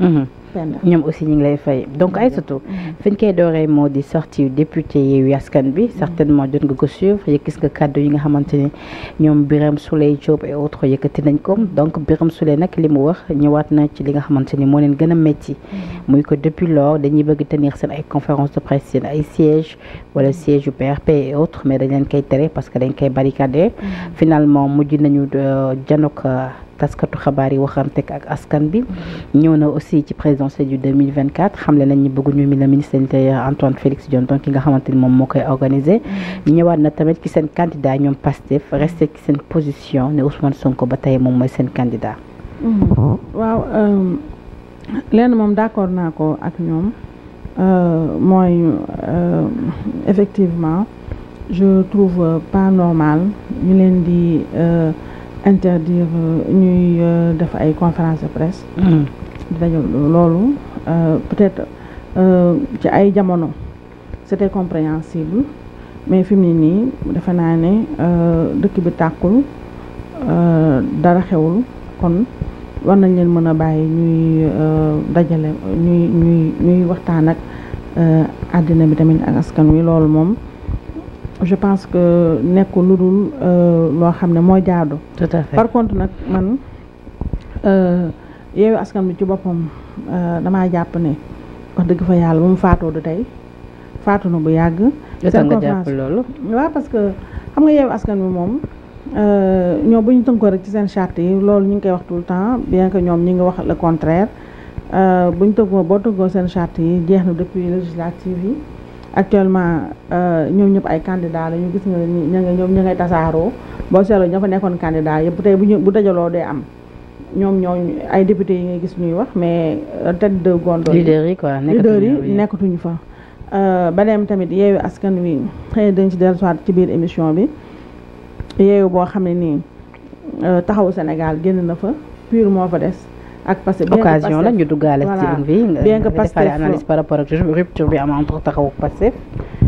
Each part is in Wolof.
Mhm. ñoom aussi ñu ngi lay fay donc Aïssatou mhm. fi ñu koy dooree moo di sorti député Yewwi Askan bi mhm. certainement jot nga ko suivre yi gis nga kàddu yi nga xamante ni ñoom Birame Souleye Diop et yëkkati nañ ko donc Birame Souleye nag li mu wax ñëwaat na ci li nga xamante ni moo leen gën a métti muy que depuis lors dañuy bëgg tenir seen ay conférence de presse seen ay siège wala siège yu PRP et autres mais dañ leen koy tere parce que dañ koy barricadé finalement mujj nañu euh, janok euh, taskatu xabaar yi waxante ak askan bi ñëw na aussi ci présidentielle du 2024 xamle nañ ñu bëgg ñu mi la ministre de Antoine Félix Diome ki nga xamante moom moo koy organisé mm-hmm. ñëwaat na tamit ci seen candidat ñoom Pastef resté ci seen position ne Ousmane Sonko ba tey moom mooy seen candidat mm-hmm. waaw euh, lenn moom d'accord naa ko ak ñoom euh, mooy euh, effectivement je trouve pas normal ñu leen di interdire euh, ñuy euh, def ay conférence de presse hmm. daje loolu euh, peut-être ci ay jamono c'était compréhensible mais fi mu ne nii defe naa ne dëkk bi tàkkul dara xewul kon war nañ leen mën a bàyyi ñuy dajale ñuy ñuy ñuy waxtaan ak àddina bi tamit ak askan wi loolu moom je pense que nekkul lu dul euh, loo xam ne mooy jaadu. par contre nag man euh, yeewu askan bi ci boppam euh, damaa jàpp ne wax dëgg fa yàlla ba mu faatoo du tey faatu na bu yàgg. seen nga jàpp loolu. waaw parce que xam nga yeewu askan bi moom ñoom bu ñu tënkoo rek ci seen charte yi loolu ñu ngi koy wax tout le temps bien que ñoom ñu ngi wax le contraire bu ñu tënkoo boo tënkoo seen charte yi jeex na depuis législative yi. actuellement euh, ñoom ñëpp ay candidaa la ñu gis nga ña nga ñoom ña ngay tasaaroo boo seetloo ña fa nekkoon candidat yëpp tey bu ñu bu dajaloo dee am ñoom ñoo ay député yi ngay gis ñuy wax mais euh, tête de gondole leader yi quoi nekkatuñu fa euh, beneen tamit yeewu askan wi xëy dañ ci dellusiwaat ci biir émission bi yeewu boo xam ne nii taxawu Sénégal génn na fa pur moo fa des ak parce que occasion la ñu duggaale ci bi bien que euh, Pastef analyse par rapport ak rupture bi am entre taxaw ak Pastef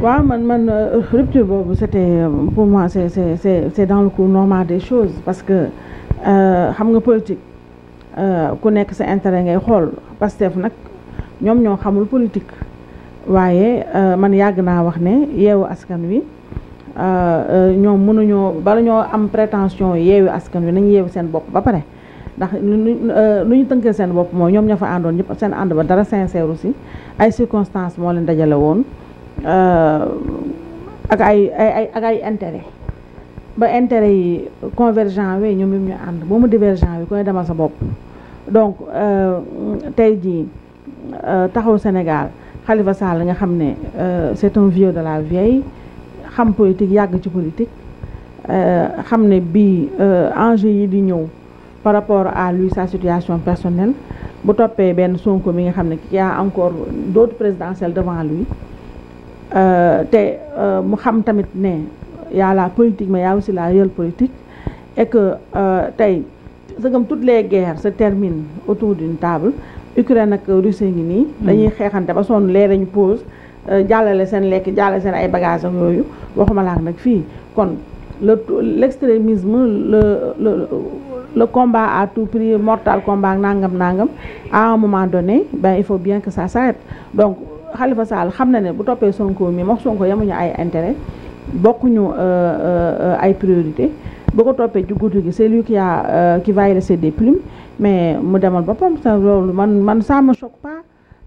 waaw man man euh, rupture boobu c'était euh, pour moi c'est c'est c'est dans le cours normal des choses parce que xam nga politique ku nekk sa intérêt ngay xool Pastef nag ñoom ñoo xamul politique waaye man yàgg naa wax ne yeewu askan wi ñoom mënuñoo bala ñoo am prétention yeewu askan wi nañ yeewu seen bopp ba pare ndax lu euh, ñu tënkee seen bopp moom ñoom ñoo fa àndoon ñëpp seen ànd ba dara sincère aussi ay circonstances moo leen dajale woon euh, ak ay ay ak ay intérêt ba intérêt yi convergent we ñoom ñoom ñu ànd ba mu divergent wi ku ne demal sa bopp donc euh, tey jii taxaw Sénégal Khalifa Sall nga xam ne c'est un vieux de la vieille xam politique yàgg ci politique xam ne bii enjeu yi di ñëw par rapport à lui sa situation personnelle bu toppee benn Sonko mi nga xam ne ki a encore d'autres présidentielles devant lui euh, te euh, mu xam tamit ne y a la politique mais y a aussi la réelle politique et que euh, tey c'est comme toutes les guerres se terminent autour d'une table Ukraine ak Russie ngi nii mm. dañuy xeexante ba sonn lee dañu pause jàllale seen lekk jàllale seen ay bagages yooyu waxuma laak nag fii kon le l'extrémisme le le le combat à tout prix mortal combat nangam nangam à un moment donné ben il faut bien que ça s'arrête donc xalifa Sall xam na ne bu toppee Sonko mi moom Sonko yemuñu ay intérêt bokkuñu euh, euh, euh, ay priorité bu ko toppee ci guddi gi c'est lui qui a qui va y laisser des plumes mais mu demal boppam sa loolu man man ça me choque pas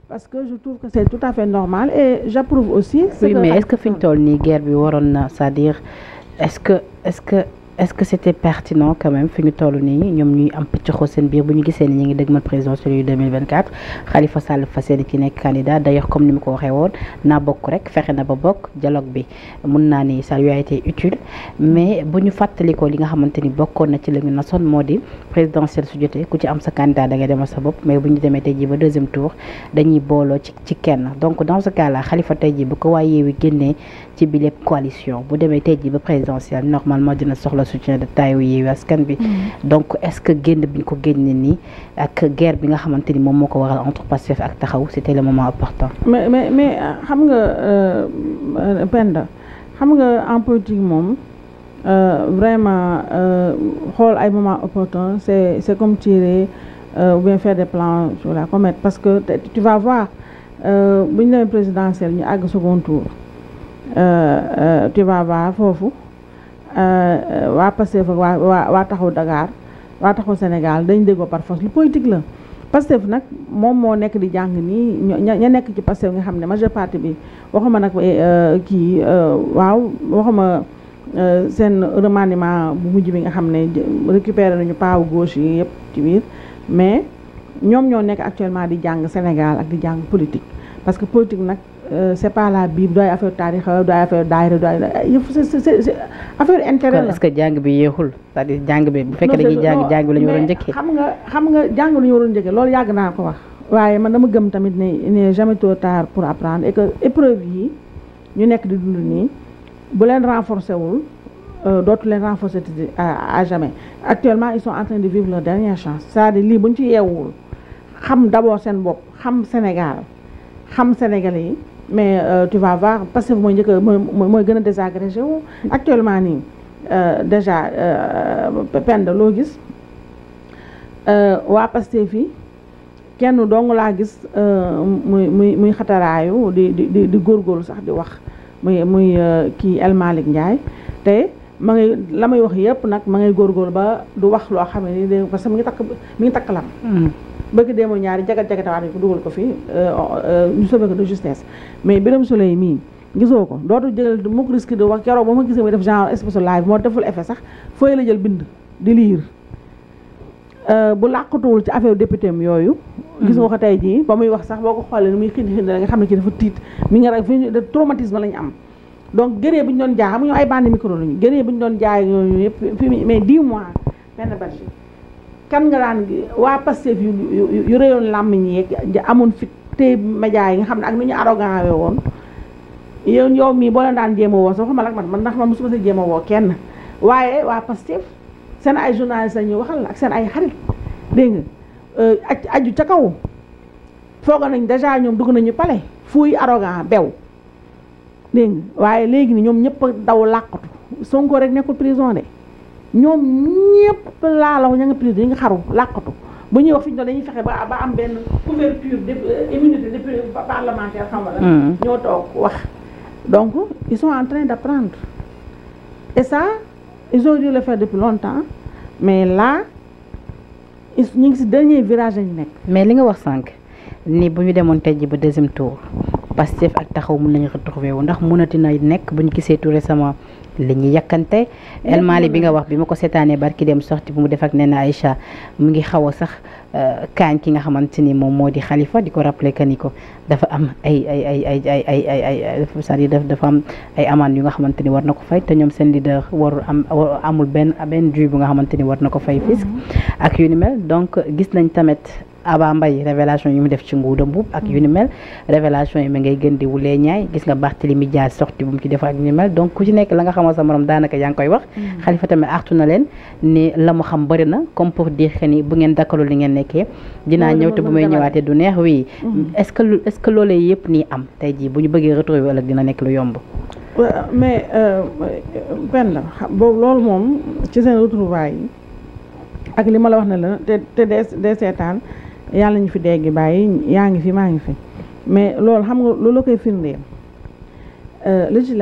parce que je trouve que c'est tout à fait normal et j'approuve aussi. oui mais ce que fi ñu toll nii guerre bi waroon na c'est-à-dire est-ce que est-ce que. est-ce que c'était pertinent quand même fi ñu toll nii ñoom ñuy am pëccëxoo seen biir bu ñu gisee ni ñu ngi dëgmal présidentielle yu 2024 Khalifa Sall fas yéene ci comme ni mu ko waxee naa bokk rek fexe na ba bokk dialogue bi mun naa ni ça lui utile mais bu ñu fàttalikoo li nga xamante ni bokkoon na ci la ñu nasoon moo di présidentielle su ku ci am sa candidat da ngay sa bopp mais bu ñu demee tey jii ba deuxième tour dañuy booloo ci ci kenn donc dans ce cas tey jii bu ko waaye yeewi génnee ci bileeb coalition bu demee tey jii ba présidentielle un soutien de taille Yewwi kan bi mm. donc est-ce que génn bi ñu ko génne nii ak guerre bi nga xamante ni moom moo ko waral entre Pastef ak Taxawu c'était le moment important mais mais mais xam nga euh, Penda xam nga en politique moom Euh, vraiment euh, xool ay moment opportun c'est c'est comme tirer euh, ou bien faire des plans sur la comète parce que tu vas voir euh, bu ñu demee présidentielle ñu àgg second tour tu vas foofu Euh, euh, waa Pastef waa waa waa taxaw Dakar waa taxaw Sénégal dañ déggoo par force lu politique la Pastef nag moom moo nekk di jàng nii ña nekk ci Pastef nga xam ne majeure partie bi waxuma nag eh, euh, kii waaw waxuma seen remandiment bu mujj bi nga xam ne récupéré nañu paawu gauche yi yëpp ci biir mais ñoom ñoo nekk actuellement di jàng Sénégal ak di jàng politique parce que politique nag Euh, c'est pas la Bible du ay affaire taarixa du ay la. est que jàng bi yéexul c'est-à-dire jàng bi bu fekkee dañuy jàng jàng bi la ñu xam nga xam nga jàng lu ñu waroon loolu yàgg naa ko wax. waaye man dama gëm tamit ne il n'est jamais trop tard pour apprendre et que yi ñu nekk di dund nii bu leen renforcer wul euh, dootu leen renforcer à jamais actuellement ils sont en train de vivre leur dernière chance cest à lii bu ñu ci yeewul xam d'abord seen bopp xam Sénégal xam Sénégalais yi. mais euh, tu vas voir parce que mooy njëkk mooy mooy gën a désagrégé wu actuellement nii euh, déjà euh, pend loo gis euh, waa Pastef fii kenn dong laa gis muy muy muy xataraayu di di di góor góorgóorlu sax di wax muy muy kii El Malick Ndiaye te ma ngay la may wax yëpp nag ma ngay góorgóorlu ba du wax loo xam ne nii parce que mi ngi takk mi ngi takk lam hmm. bëgg demoo ñaari jagat jagatawaat yi ko dugal ko fi euh, euh, ñu sauvé ko de justesse mais Birame Souleye mii gisoo ko dootu jël mukk risque de wax keroog ba ma gisee muy def genre moo deful effet sax fooy la jël bind di liir euh, bu làqatuwul ci affaire député yooyu mm-hmm. gis nga ko tey jii ba muy wax sax boo ko xoolee ni muy xiin xiin la nga xam ne ci dafa tiit mi nga rek fi traumatisme lañu am donc gëree bi ñu doon jaay xam ay bande micro lañu gëree ñu doon jaay yooyu yëpp fi mais dix mois benn Belgique kan nga daan waa Pastef yu yu réyoon làmmiñ yeeg amoon fit te média yi nga xam ne ak nu ñu arrogant woon yow yow mii boo leen daan jéem a woo sax waxuma lak man man ndax man mosuma sa jéema a woo kenn waaye waa Pastef seen ay journaliste la ñuy waxal ak seen ay xarit dégg nga euh, aju ca kaw foogoon nañ dèjà ñoom dugg nañu pale fuuy arrogant bew dégg waaye léegi ni ñoom ñëpp daw làqatu Sonko rek nekkul prison de ñoom ñëpp laa la ña nga prise yi nga xaru làqatu bu ñuy wax fi ñu doon dañuy fexe ba ba am benn couverture de euh, immunité de parlementaire xam nga hmm. ñoo toog wax donc ils sont en train d'apprendre et ça ils ont dû le faire depuis longtemps mais là ñu ngi si dernier virage lañu nekk mais li nga wax sànq ni bu ñu demoon tey ji ba deuxième tour Pastef ak taxaw mun nañu retrouver wu ndax mënati na nekk bu ñu gisee tout récemment la ñuy yàkkante El Mali bi nga wax bi ma ko seetaanee barki dem sorti bu mu defak ak ay na mu ngi xaw a sax euh, kaañ ki nga xamante ni moom moo di xalifa di ko rappelé que ni ko dafa am ay ay ay ay ay ay ay ay cest dafa am ay amende yu nga xamante ni war na ko fay te ñoom seen leader warul am amul benn benn juy bu nga xamante ni war na ko fay fisc mm-hmm. ak yu mel donc gis nañ tamit Aba Mbaye révélation yi mu def ci Ngouda Mboup ak yu ni mel révélation yi ma ngay gën di wulee ñaay gis nga Barthélémy Dias sorti bu mu ci def ak yu ni mel nga mm. xam bëri na comme pour dire que ni bu ngeen dakkalul li ngeen nekkee dinaa ñëw te bu may ñëwaatee du neex oui mm. est-ce que est-ce que loolee yëpp nii am tey jii bu ñu bëggee retrouver ëllëg dina nekk lu yomb mais euh, benn la boobu loolu moom ci seen retrouvailles yi ak li ma la wax ne la te dee dee yàlla ñu fi dégg bàyyi yaa ngi fi maa ngi fi mais loolu xam nga loolu la koy firndeel euh,